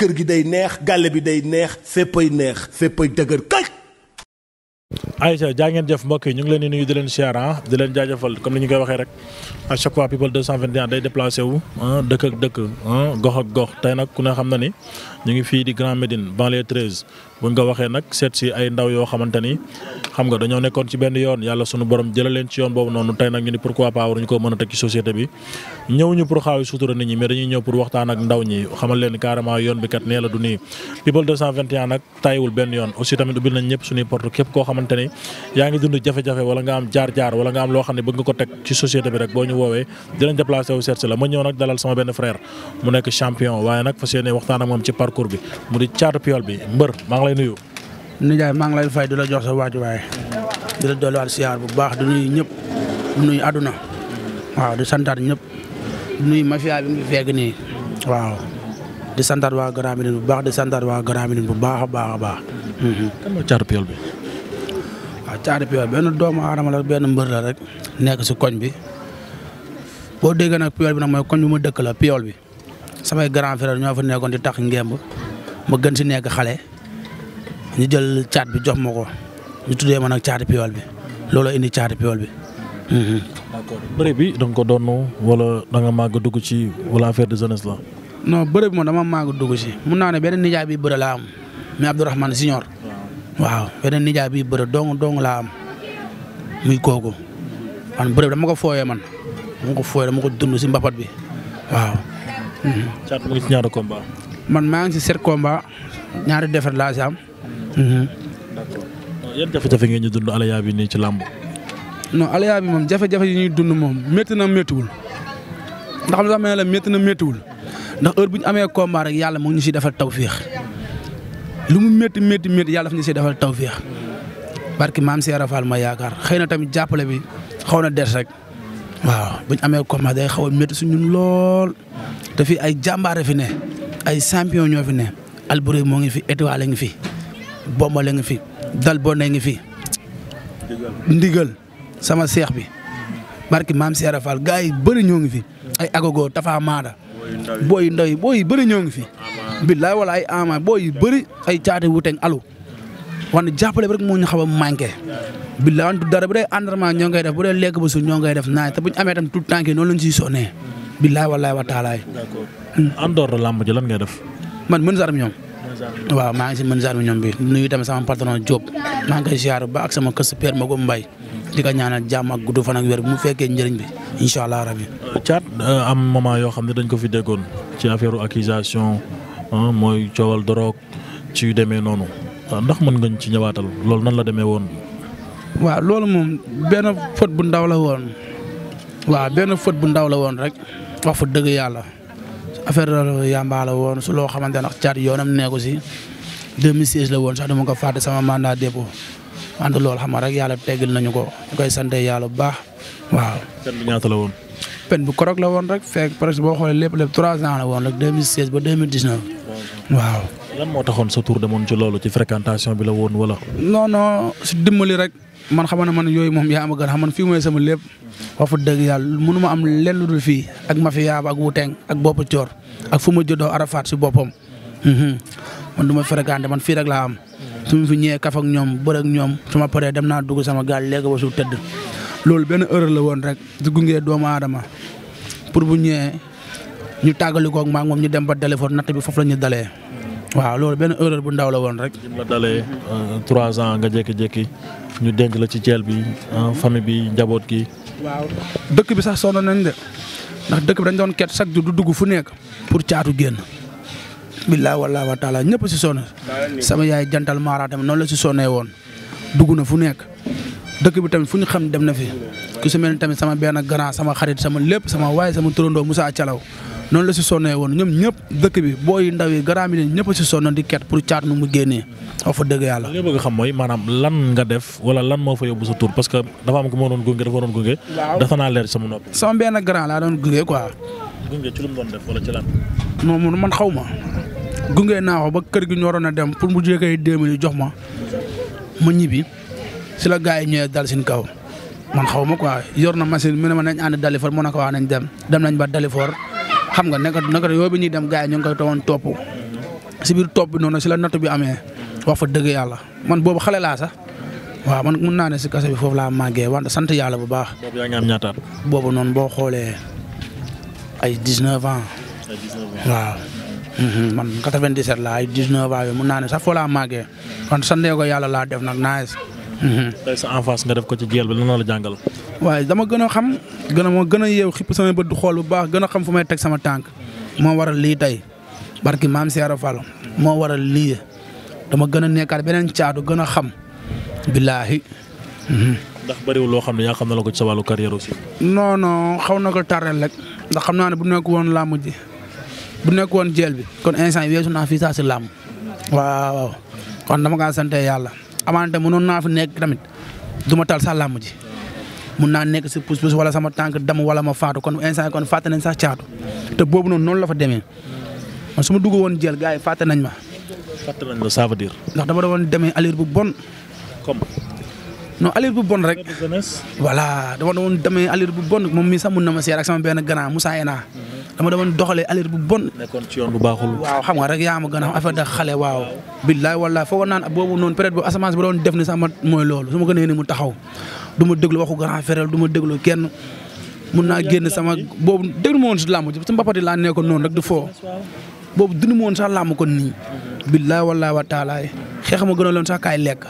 kër gi day neex gale bi day neex féppay neex féppay dëgër kay. Aïcha jaa ngeen jëf mbokk ñu ngi leen di nuyu di leen siyaar ah, di leen jaajëfal comme ni ñu koy waxee rek à chaque fois people 221 day déplacé wu ah, dëkk ak dëkk ah, gox ak gox tey nag ku ne xam na ni. ñu ngi fii di Grand Médine banlieue 13 buñ ko waxee nag seet ay ndaw yoo xamante xam nga dañoo nekkoon ci benn yoon yàlla sunu borom jëla leen ci yoon boobu noonu tey nag ñu ni pourquoi pas waruñu ko mën teg ci société bi ñëw pour xaawi sutura nit ñi mais dañuy ñëw pour waxtaan ak ndaw ñi xamal leen carrément yoon bi kat nee la du nii nag tàyyiwul benn yoon aussi tamit ubbil nañ ñëpp suñuy porte képp koo xamante yaa ngi dund jafe-jafe parcours bi mu di caatu piol bi mbër maa ngi lay nuyu. nijaay maa ngi lay fay di la jox sa waajuwaay di la dolliwaat siyaar bu baax di nuyu ñëpp nuyu àdduna waaw di santaat ñëpp nuyu mafia bi mu fekk nii waaw di santaat waa Grand bu baax di santaat waa Grand bu baax a baax a baax. Mhm. kan mooy caatu piol bi. waaw caatu piol doomu aadama la benn mbër la rek nekk si koñ bi boo déggee nag piol bi nag mooy koñ bi ma dëkk la piol bi. samay grand frère ñoo fa nekkoon di tax ngemb ma gën si nekk xale ñu jël caat bi jox ma ko ñu tuddee man nag caati piol bi looloo indi caati piol bi. Mhm. d'accord bi da nga ko doon wala da màgg dugg ci wala affaire de jeunesse la. non bëre bi dugg si mun naa ne benn nijaa bi bëre laa am mais Abdourahmane Signor. waaw benn nijaay bi bëre dong dong laa am muy kooku man bëre dama ko fooyee man dama ko fooyee dama ko dund si mbapat bi waaw. Thiat mu ngi si ñaari combat man maa ngi si sept combat ñaari defar laa si am. Mhm. d'accord yan jafe-jafe ngeen ñu dund Alaya bi nii ci làmb. non Alaya bi moom jafe yi ñuy dund moom métti na méttiwul ndax lu tax ma na méttiwul ndax heure bu ñu amee combat rek yàlla mu ñu ñu si taw feex lu mu métti métti métti yàlla fu ñu si taw tawféex barki maam Seera Fall ma yaakaar xëy na tamit jàppale bi xaw na des rek. waaw bu ñu amee combat day xaw métti su ñun lool te fii ay jàmbaare fi ne ay champion ñoo fi ne Alboury moo ngi fi Étoile ngi fi Bombole ngi fi Dalbone ngi fi. ndigal sama seex bi barki maam Seera Fall gars yi bëri ñoo ngi fi ay agogo Tafa Maada. booy yu ndaw booy yu bëri ñoo ngi fi. billaay wala ay ama booy yu bëri ay caati wuuteeg alu. wax ne jàppale rek moo ñu xaw a manqué. billaay wante dara bu dee entraînement ñoo ngay def bu dee lekk ba suur ñoo ngay def naaj te bu ñu amee tam tout le temps que noonu la ñu siy sonnee. billaay wallaay wa taalaay. d'accord en dehors làmb ji lan ngay def. man mën saa ñoom. waaw maa ngi si mën saa ñoom bi nu tamit sama patron Diop. maa ngi koy ziar ba ak sama kër sa père Maguette Mbaye. di ko ñaanal jàmm ak gudd fan ak wér bu mu fekkee njëriñ bi incha allah rabi. Euh, Thiat euh, am moment yoo xam ne dañ ko fi déggoon ci affaire accusation mooy coowal drogue ci yu noonu waa ndax mën nga ci ñëwaatal loolu nan la demee woon. waaw loolu moom benn fët bu ndaw la woon waaw benn fët bu ndaw la woon rek wax fa dëgg yàlla affaire yàmbaa la woon su loo xamante ne caat yoonam neeku si 2016 la woon sax dama ko fàtte sama mandat dépôt ànd loolu xam nga rek yàlla teggil nañu ko ñu koy sant yàlla bu baax waaw. pen bi ñaata la woon. pen bu korog la woon rek fekk presque boo xoolee lépp lépp trois ans la woon rek 2016 ba 2019. lan moo taxoon sa tour demoon ci loolu ci fréquentation bi la woon wala. non non si dimbali rek man xam man yooyu moom yaa ma gën xam man fii mooy sama lépp wax fa dëgg yàlla mënu ma am lenn lu dul fii ak mafia ba ak ak bopp coor ak fu ma juddoo Arafat si boppam. Mhm. man du ma fréquenté man fii rek laa am. su ma fi ñëwee ak ñoom bër ak ñoom su ma paree dem naa dugg sama gaal léegi ba su tëdd. loolu benn la woon rek di gunge aadama pour bu ñëwee ñu tàggali koog maa moom ñu dem ba téléphone natt bi foofu la ñu dalee. waaw loolu benn erreur bu ndaw la woon rek. bi la dalee euh, trois ans nga jékki-jékki ñu denc la ci ceel bi famille bi njaboot gi. waaw dëkk bi sax sonn nañ de ndax dëkk bi dañ doon ket chaque jour du dugg fu nekk pour caatu génn. billaahi wallaahi wa taala ñëpp si sonn sama yaay jantal maara noonu la si sonnee woon dugg na fu nekk dëkk bi tamit fu ñu xam dem na fi ku si mel ni tamit sama benn grand sama xarit sama lépp sama waaye sama turandoo Moussa Calaw noonu la si sonnee woon ñoom ñëpp dëkk bi booy ndaw yi garaam yi ñëpp si sonn di ket pour caat nu mu génnee wax fa dëgg yàlla. li mooy maanaam lan nga def wala lan moo fa yóbbu sa tur parce que dafa am ku ma doon gunge dafa doon gunge. naa leer sama noppi. sama benn grand laa doon gunge quoi. gunge ci lu mu doon def wala man xaw ma gunge naa ko ba kër gi ñoroon a dem pour mu jékkee deux mille jox ma ma ñibbi si la gars yi ñëwee dal seen kaw man xaw ma quoi yor na machine mu ne ma nañ ànd Dalifor mu ne ko wax nañ dem dem nañ ba Dalifor xam nga naka naka yooyu bi ñuy dem gars yi ñu ngi koy doon topp si biir topp bi noonu si la natt bi amee wax fa dëgg yàlla man boobu xale laa sax waaw man mun naa ne si kase bi foofu laa màggee wante sant yàlla bu baax. boobu yaa am ñaataat. boobu noonu boo xoolee ay 19 ans. ay mhm, man 97 laa ay 19 ans yooyu mun naa ne sax foo laa màggee wante sant ko yàlla laa def nag naaj. Mhm. tey sa enfance nga def ko ci jéel bi lan la jàngal. waaye dama gën a xam gën a ma gën a yeew xipp sama du xool bu baax gën a xam fu may teg sama tànk moo waral lii tey barki maam Seera Fall moo waral lii dama gën a nekkaat beneen caadu gën a xam billaahi. Mhm. ndax bëriwul loo xam ne yaa xam na la ko ci sa wàllu carrière aussi. xaw na ko tàrreel rek ndax xam naa ne bu nekk woon làmb ji bu nekk woon jeel bi kon instant yi weesu naa fii saa si làmb waaw kon dama kaa sante yàlla amante mënoon naa fi nekk tamit du ma tal sa làmb ji. mun naa nekk si pousse pousse wala sama tànk dam wala ma faatu kon instant kon fàtte nañ sax caatu te boobu noonu noonu la fa demee man su ma dugg woon jël gars yi fàtte nañ ma. fàtte nañ la ça veut dire. ndax dama doon demee allure bu bon. comme. non allure bu bon rek. voilà dama doon demee allure bu bon moom mii sax mun na ma seer ak sama benn grand Moussa naa dama doon doxalee allure bu bon. nekkoon ci yoon bu baaxul. waaw xam nga rek yaa ma gën a affaire da xale waaw. billaay wallaay foogoon naan boobu noonu peut-être bu asamaan bi doon def ni sama mooy loolu su ma gënee ni mu ma déglu waxu grand frère ma déglu kenn mun naa génn sama boobu déglu ma woon si làmb ji si mbapat laa nekkoon noonu rek di foo boobu dund ma saa sax làmb kon nii. billaay wallaay wa taalaay xeex ma gën a loon sax kaay lekk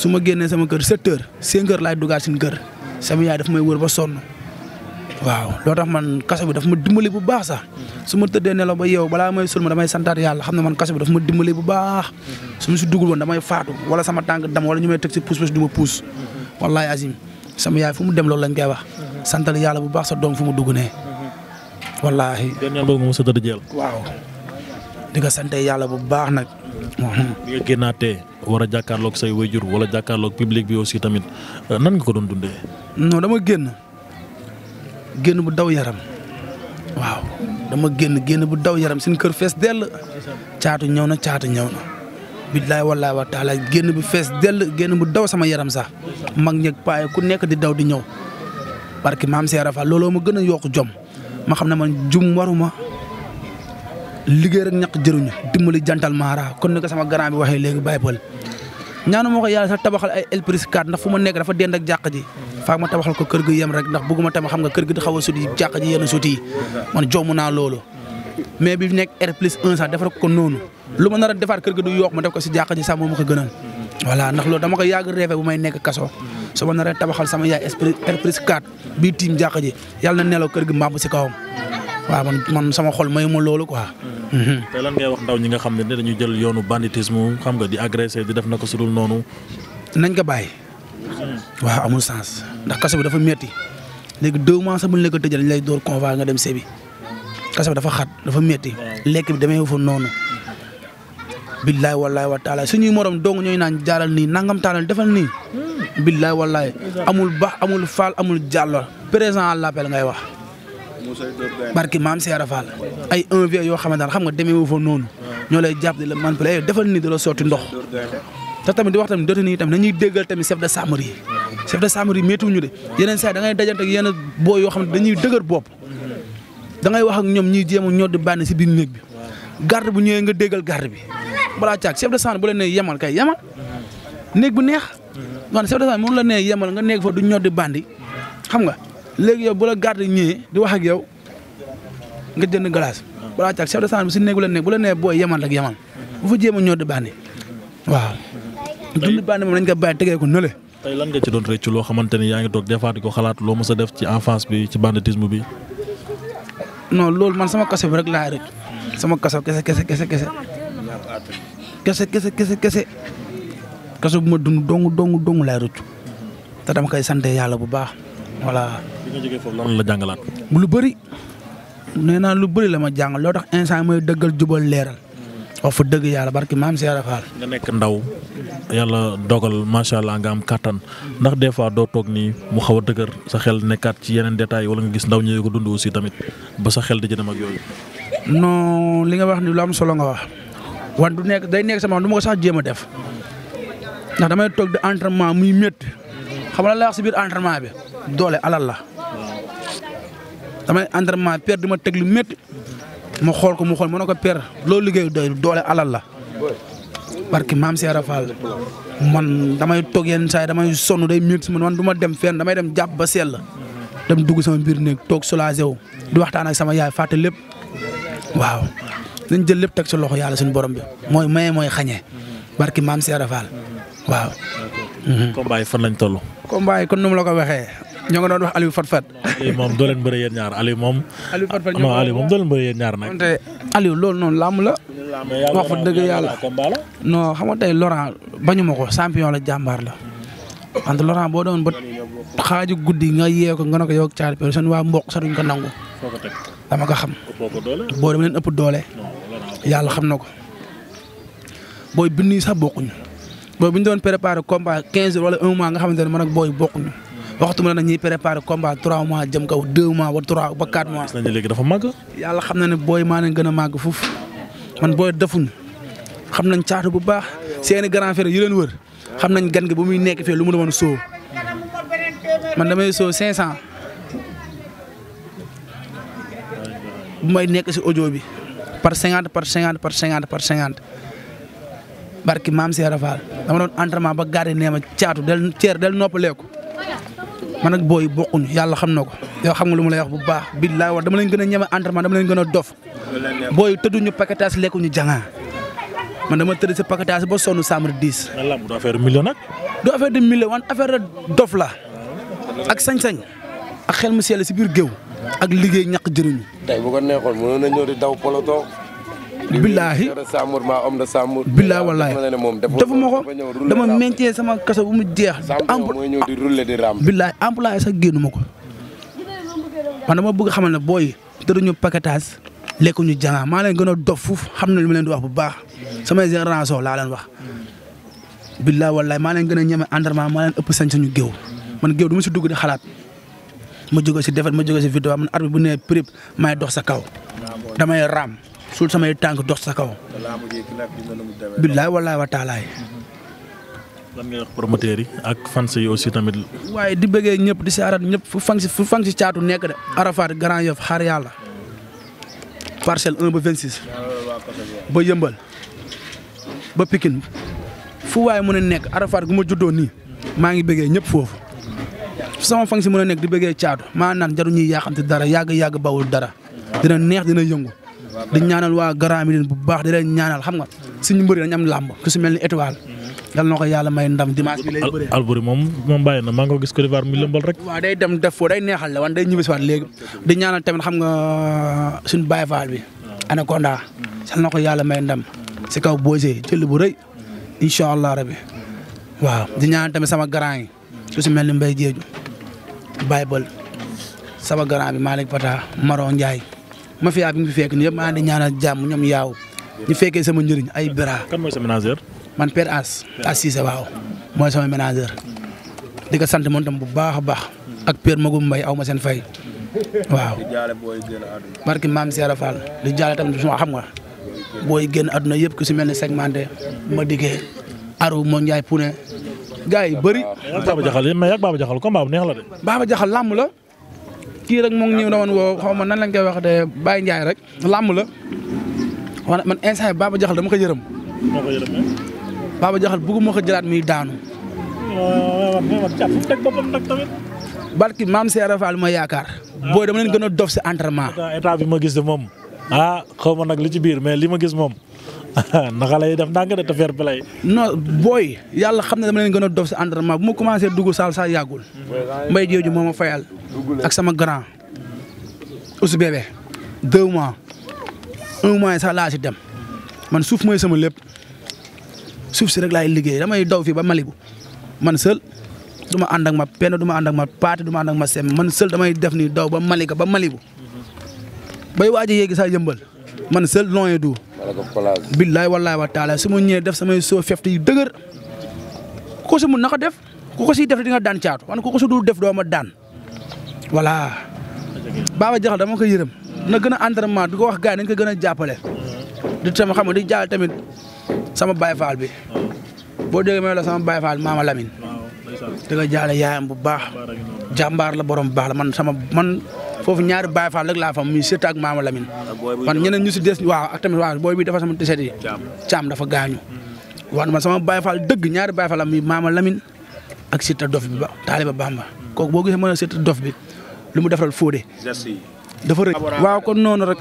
su ma génnee sama kër 7 heures 5 heures laay dugaat suñu kër sama yaay daf may wër ba sonn. waaw loo tax man kaso bi daf ma dimbali bu baax sax su ma tëddee nelaw ba yow balaa may sulma damay santaat yàlla xam ne man kaso bi daf ma dimbali bu baax su ma si dugul woon damay faatu wala sama tànk dam wala ñu may teg si puus puus du ma puus wallaay azim sama yaay fu mu dem loolu lañ koy wax santal yàlla bu baax sa doom fu mu dugg ne wallaahi. benn yoon boobu nga mos sant yàlla bu baax nag. bi nga génnaatee war a jàkkaarloog say wayjur wala jàkkaarloog public bi aussi tamit nan nga ko doon dundee. non dama génn. génn bu daw yaram waaw dama génn génn bu daw yaram seen kër fees dell caatu ñëw na caatu ñëw na. billaay wallaay wa génn bu fees dell génn bu daw sama yaram sax mag ñeg paay ku nekk di daw di ñëw parce que maam Seera Fall looloo ma gën a yokk jom ma xam ne man jum waruma liggéey rek ñaq jëruñu dimbali jantal maara kon ni sama grand bi waxee léegi bàyyi ñaanu ma ko yàlla sax tabaxal ay El Prise 4 ndax fu ma nekk dafa dend ak jàq ji faag ma tabaxal ko kër gi yem rek ndax bëgguma tamit xam nga kër gi di xaw a suti jàq ji yenn suti yi man jomm mais bi nekk R plus 1 sax defar ko noonu lu ma nar a defaat kër gi du yokk ma def ko si jàq ji sax moom ma ko gënal voilà ndax loolu dama ko yàgg rêvé bu may nekk kaso su ma nar a tabaxal sama yaay R plus 4 bii tiim jàq ji yàlla na nelaw kër gi mbaam si kawam waaw man man sama xol mayu ma loolu quoi. Mm-hmm. te lan ngay wax ndaw ñi nga xam ne dañu jël yoonu banditisme xam nga di agressé di def na ko su dul noonu. nañ ko bàyyi. waaw amul sens ndax kaso bi dafa metti léegi deux mois sax bu ñu la ko tëjee dañ lay nga dem sebi kaso bi dafa xat dafa metti lekk bi demee fa noonu. billaay wallaay wa taala suñuy morom dong ñooy naan jaaral nii nangam taalal defal nii. Hmm. billaay wallaay amul baax amul faal amul jàllo présent à l'appel ngay wax. barki maam Seera Fall ay un vie yoo xamante ne xam nga demeewu fa noonu ñoo lay jàpp di la manipuler defal ni da la sotti ndox te tamit di wax tamit dootu nii tamit nañuy déggal tamit chef de gendarmerie chef de gendarmerie de yeneen saa da ngay dajante ak yenn yoo xam ne dañuy dëgër bopp da ngay wax ak ñoom ñuy jéem a ñoo di bànn si biir néeg bi garde bu ñëwee nga déggal garde bi balaa caag chef de gendarmerie bu leen nee yemal kay yemal néeg bu neex. waaw chef de gendarmerie mënu léegi yow bu la garde ñëwee di wax ak yow nga jënd glace balaa caag chef de centre bi si la nekk bu la nee booy yemal rek yemal bu fa jéem a ñëw di bandi waaw. dund bandi moom nañ ko bàyyi tegee ko nële. tey lan nga ci doon rëcc loo xamante ni yaa ngi toog des fois ko xalaat loo mës a def ci enfance bi ci banditisme bi. noonu loolu man sama kaso bi rek laa rëcc. sama kaso kese kese kese kese. kese kese kese kese. kaso bu ma dund dong dong dong laay rëcc. te dama koy sant yàlla bu baax. voilà. bi nga la jàngalaat. lu bëri nee naa lu bëri la ma jàng loo tax instant mooy dëggal jubal leeral. wax fa dëgg yàlla barki maam Seera Faal. nga nekk ndaw yàlla dogal macha allah nga am kàttan ndax des fois doo toog nii mu xaw a dëgër sa xel nekkaat ci yeneen détails wala nga gis ndaw ñëwee ko dund aussi tamit ba sa xel di ci dem ak yooyu. non li nga wax ni lu am solo nga wax wan du nekk day nekk sama du ma ko sax jéem a def ndax damay toog di entraînement muy métti xam nga si biir entraînement bi. doole alal la. damay entraînement per di ma teg lu métti ma xool ko mu xool ma ne ko per loolu liggéeyu doy doole alal la. parce que maam Seera Fall man damay toog yenn saa yi damay sonn day métti man man du ma dem fenn damay dem jàpp ba sell dem dugg sama biir néeg toog soulagé wu di waxtaan ak sama yaay fàtte lépp waaw. dañ jël lépp teg ci loxo yàlla suñu borom bi mooy maye mooy xañee barki maam Seera Fall waaw. Mhm. combat yi fan lañ toll. ñoo nga doon wax Aliou Fat Fat. Aliou moom doo leen bëri yéen ñaar Aliou moom. Aliou Fat Fat non Aliou moom doo leen bëri yéen ñaar nag. wante loolu noonu làmb wax fa dëgg yàlla non xam nga tey Laurent bañu ma ko champion la jàmbaar la. wante Laurent boo doon ba xaaju guddi nga yee ko nga ne ko yow ak Thialy waa mbokk sa duñ ko nangu. dama ko xam. boo dama xam na ko. booy bi nii sax bokkuñu. booy bu ñu doon préparé combat 15 wala 1 mois nga xamante ne man ak booy bokkuñu waxtu mu ne nag ñuy préparé combat 3 mois jëm kaw 2 mois ba 3 ba 4 mois. gis nañ léegi dafa màgg. yàlla xam na ne booy maa leen gën a màgg fuuf man booy defuñ xam nañ caatu bu baax seeni grand frère yu leen wër xam nañ gan gi bu muy nekk fii lu mu doon sóo man damay sóo 500 bu may nekk si audio bi par 50 par 50 par 50 par 50. barki maam Seera Fall dama doon entraînement ba gardé nee ma caatu del ceer del noppaleeku man ak booy bokkuñu yàlla xam na ko yow xam nga lu ma lay wax bu baax billaay war dama leen gën a ñeme entraînement dama leen gën a dof booy tëdduñu paquetage lekkuñu jangaa man dama tëdd si paquetage ba sonn chambre 10. lan du affaire million nag. du affaire de million wan affaire dof la ak sañ-sañ ak xel mu sell si biir géew ak liggéey ñàkk jëriñu. tey bu ko na ñëw di daw peloton billaahi billaahi wallaahi dafa ma ko dama meñtee sama kaso bu mu jeex. billaahi employé sax génnu ma ko. man ma bëgg xamal ne booy tëruñu paquetage lekku ñu jàngaa maa leen gën a dof fuuf xam na lu ma leen di wax bu baax sama génération laa leen wax. billaahi wallaahi maa leen gën a ñeme entraînement maa leen ëpp sañ sañu man géew du ma si dugg di xalaat. ma jóge si defet ma jóge si am man arbitre bu nee prip may dox sa kaw damay raam suul samay tànk dox sa kaw. billaay wallaay wa ak fans tamit. waaye di bëggee ñëpp di si arat ñëpp fu fan nekk de. Arafat Grand Yoff ba 26. ba yëmbal. ba Pikine mën a nekk Arafat gu ma juddoo maa ngi bëggee ñëpp foofu sama fan si mën a nekk di bëggee caatu maa naan jaru ñuy yàqamte dara yàgg yàgg bawul dara dina neex dina yëngu. di ñaanal waa Grand Médine bu baax di leen ñaanal xam nga suñu mbëri dañ am làmb ku si mel ni étoile dal na ko yàlla may ndam dimanche bi lay bëree moom moom bàyyi na maa ko gis Côte d'Ivoire mi lëmbal rek waaw day dem def foo day neexal la wan day ñibbisi waat léegi di ñaanal tamit xam nga suñu Baye Fall yàlla may si kaw boosé jël bu rëy incha allah rabbi waaw di ñaanal tamit sama grand yi su si mel ni mbay Diédhiou Baye sama grand bi Malick Pata Maron Ndiaye mafia bi ñu fi fekk nii yëpp maa ngi ñaanal jàmm ñoom yaaw ñu fekkee sama njëriñ ay bras. kan mooy sa ménageur. man père As. As Cissé waaw mooy sama ménageur. di ko sant moom tam bu baax a baax. ak père Magu Mbay aw ma seen fay. waaw barki maam Seera Fall di jaale tamit suma xam nga. booy génn àdduna yëpp ku si mel ni segmenté ma dikkee aru moo Njaay Pune. gaa yi bëri. Baba Jaxal mais yàgg Jaxal comme la. kii rek moom ngi ñëw doon woo xaw ma nan lañ koy wax de Baye Ndiaye rek làmb la man man instant yii Baba Jaxal dama ko yërëm. dama ko Jaxal bëgguma ko jëlaat muy daanu. barki maam Seera Fall ma yaakaar. booy dama leen gën a dof si entraînement. état bi ma gis de moom ah xaw ma nag li ci biir mais li ma gis moom. naka lay def ndànk de te fair play. non booy yàlla xam ne dama leen gën a dof si entraînement bu ma commencé dugg saal saa yàggul mbay jooju moo ma fayal ak sama grand usu bébé deux mois un mois sax laa si dem man suuf mooy sama lépp suuf si rek laay liggéey damay daw fii ba Malibu man seul du ma ànd ak ma penn du ma ma paate du ma ma sem man seul damay def ni daw ba Malika ba Malibu bay waaj a yéegi yëmbal man seul loin du billaay wallaay wa taala su ma ñëwee def samay soo fefte yu dëgër ku ko si mun na ko def ku ko siy def di nga daan caatu wan ku ko si dul def doo ma daan voilà. Baba Jaxal dama ko yërëm na gën a entraînement di ko wax gars yi nañ ko gën a jàppale. di sama xam di jàll tamit sama bayfaal bi boo déggee may la sama bayfaal maama Lamine. di nga jàll yaayam bu baax. jàmbaar la borom baax la man sama man foofu ñaari Baye Fall rek laa fam muy Siteu ak Mama Lamine man ñeneen ñu si des waaw ak tamit booy bi dafa sama tiset yi caam dafa gaañu wax ma sama Baye Fall dëgg ñaari Baye Fall am muy Mama Lamine ak Siteu dof bi ba taaliba Bamba kooku boo gisee mën a Siteu dof bi lu mu defaral fóode dafa rëy waaw kon noonu rek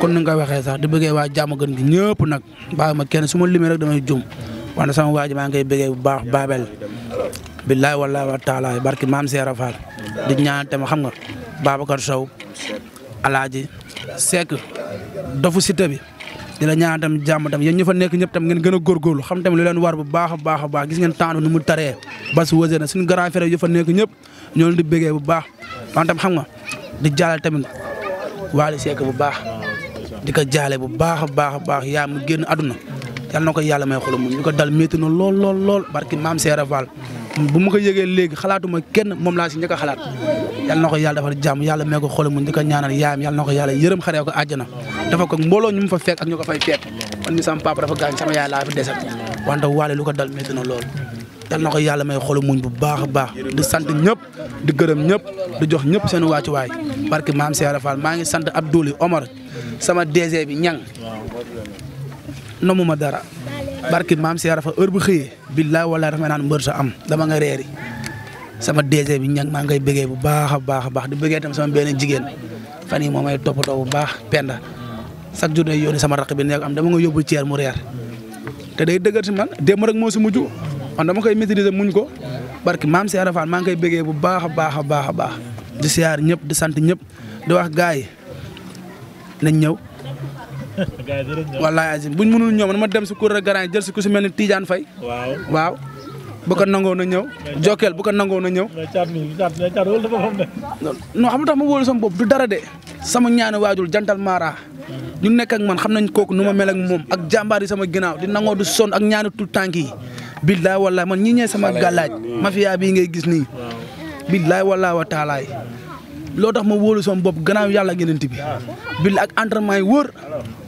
kon ni nga koy waxee sax di bëggee waa jàmm gën gi ñëpp nag bàyyi ma kenn suma ma limee rek damay jum wante sama waa ji maa ngi koy bëggee bu baax Babel billaay wallaay wa taala barki maam Seera Fall di ñaan tamit xam nga Babacar Sow Alaaji Seck dofu Siteu bi di la ñaan tam jàmm tam yéen ñu fa nekk ñëpp tam ngeen gën a góorgóorlu xam tamit lu leen war bu baax baax a baax gis ngeen temps nu mu taree bas wëse na suñu grand frère yu fa nekk ñëpp ñoo leen di bëggee bu baax wante xam nga di jaale tamit Waly Seck bu baax di ko jaale bu baax a baax a baax yaa mu génn àdduna yal na ko yàlla may xolam muñ li ko dal métti lool lool lool barki maam Seera Fall bu ma ko yëgee léegi kenn moom laa a xalaat yal na ko yàlla defal jàmm yàlla may ko xolam muñ ko ñaanal yaayam yal na ko yàlla yërëm ko àjjana dafa ko mbooloo ñu mu fa fekk ak ñu ko fay fekk man mi sama papa dafa gaañ sama yaay laa fi desat wante lool yal na yàlla may xolam muñ bu baax a baax di sant ñëpp di gërëm ñëpp di jox ñëpp seen wàccuwaay barki maam Seera Fall maa ngi sant Abdoulaye Omar sama DG bi ñang nomu ma dara barki maam Seera fa heure bu xëyee billaay walaay dafa may naan mbër sa am dama nga reeri sama DG bi ñag maa ngay bëggee bu baax baax a baax di tam sama benn jigéen fan yii moom may toppatoo bu baax penda chaque jour day yónni sama raq bi nekk am dama nga yóbbu ceer mu reer te day dëgër si man démb rek moo si mujj man dama koy maîtriser muñ ko barki maam Seera Fall maa ngay bëggee bu baax a baax a baax a baax di siyaar ñëpp di sant ñëpp di wax gars yi nañ ñëw wallaay azim buñ mënul ñëw man ma dem si cour de jël si ku si mel ni Tidiane Faye waaw waaw bu ko nangoo na ñëw Jokal bu ko nangoo na ñëw non xam tax ma wóolu sama bopp du dara de sama ñaani waajur jantal maara hmm. ñu nekk ak man xam nañ kooku nu ma mel ak moom ak jàmbaar yi sama ginaaw di nangoo du sonn ak ñaani tu tànk yi billaay wallaay man ñi ñee sama gàllaaj mafia bii ngay gis nii billaay wallaay wa taalaay loo tax ma wóolu sama bopp gannaaw yàlla genant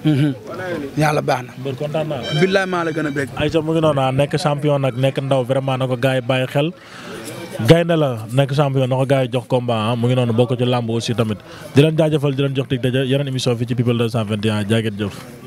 yàlla baax na. mbër kontaan naa la. billaay maa la gën a bég. Aïcha mu ngi noonu ah, nekk champion nag nekk ndaw vraiment na ko gars bàyyi xel. gaynde la nekk champion na ko gars yi jox combat ah, mu ngi noonu bokk ci làmb aussi tamit di leen jaajëfal di leen jox dig daje yeneen émission ci People 221 jaa ngeen jëf.